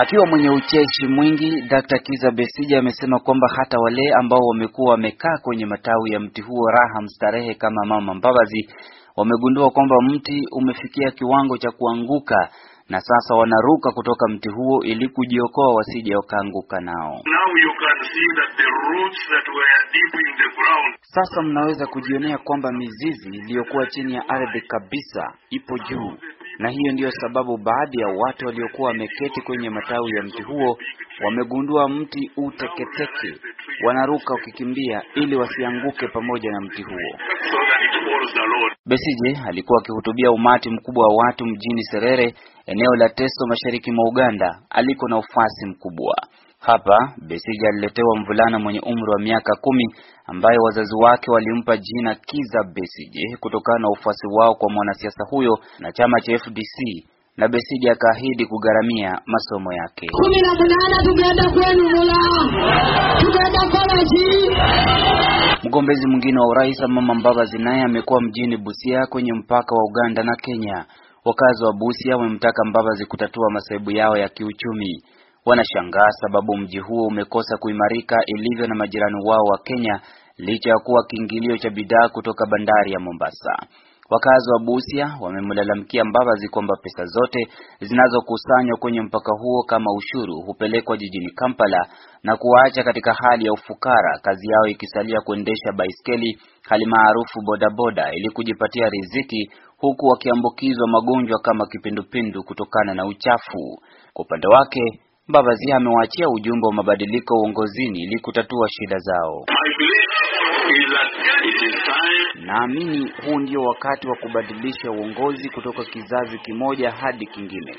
Akiwa mwenye ucheshi mwingi, Dr. Kiza Besija amesema kwamba hata wale ambao wamekuwa wamekaa kwenye matawi ya mti huo raha mstarehe kama mama Mbabazi wamegundua kwamba mti umefikia kiwango cha kuanguka na sasa wanaruka kutoka mti huo ili kujiokoa wasije wakaanguka nao. Sasa mnaweza kujionea kwamba mizizi iliyokuwa chini ya ardhi kabisa ipo juu na hiyo ndiyo sababu baadhi ya watu waliokuwa wameketi kwenye matawi ya mti huo wamegundua mti uteketeke, wanaruka ukikimbia ili wasianguke pamoja na mti huo. Besije alikuwa akihutubia umati mkubwa wa watu mjini Serere, eneo la Teso, mashariki mwa Uganda, aliko na ufasi mkubwa. Hapa Besije aliletewa mvulana mwenye umri wa miaka kumi ambaye wazazi wake walimpa jina Kiza Besije kutokana na ufuasi wao kwa mwanasiasa huyo na chama cha FDC, na Besije akaahidi kugharamia masomo yake. kumi na tumeenda kwenu Mgombezi mwingine wa urais Amama Mbabazi naye amekuwa mjini Busia kwenye mpaka wa Uganda na Kenya. Wakazi wa Busia wamemtaka Mbabazi kutatua masaibu yao ya kiuchumi. Wanashangaa sababu mji huo umekosa kuimarika ilivyo na majirani wao wa Kenya licha ya kuwa kiingilio cha bidhaa kutoka bandari ya Mombasa. Wakazi wa Busia wamemlalamikia Mbabazi kwamba pesa zote zinazokusanywa kwenye mpaka huo kama ushuru hupelekwa jijini Kampala na kuwaacha katika hali ya ufukara, kazi yao ikisalia kuendesha baiskeli hali maarufu bodaboda ili kujipatia riziki huku wakiambukizwa magonjwa kama kipindupindu kutokana na uchafu. Kwa upande wake Mbabazi amewaachia ujumbe wa mabadiliko uongozini ili kutatua shida zao. Naamini huu ndio wakati wa kubadilisha uongozi kutoka kizazi kimoja hadi kingine.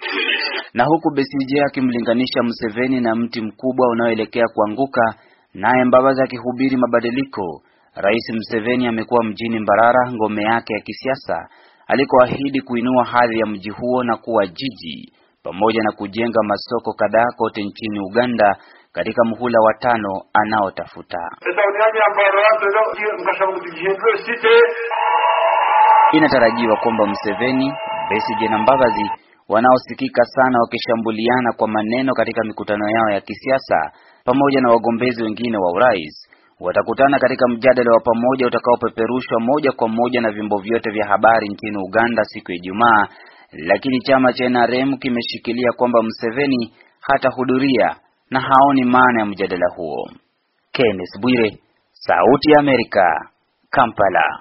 Na huku Besigye akimlinganisha Museveni na mti mkubwa unaoelekea kuanguka, naye Mbabazi akihubiri mabadiliko, Rais Museveni amekuwa mjini Mbarara, ngome yake ya kisiasa, alikoahidi kuinua hadhi ya mji huo na kuwa jiji pamoja na kujenga masoko kadhaa kote nchini Uganda katika muhula wa tano anaotafuta. Inatarajiwa kwamba Museveni, Besigye na Mbabazi wanaosikika sana wakishambuliana kwa maneno katika mikutano yao ya kisiasa pamoja na wagombezi wengine wa urais watakutana katika mjadala wa pamoja utakaopeperushwa moja kwa moja na vyombo vyote vya habari nchini Uganda siku ya Ijumaa, lakini chama cha NRM kimeshikilia kwamba Museveni hatahudhuria na haoni maana ya mjadala huo. Kenneth Bwire, Sauti ya Amerika, Kampala.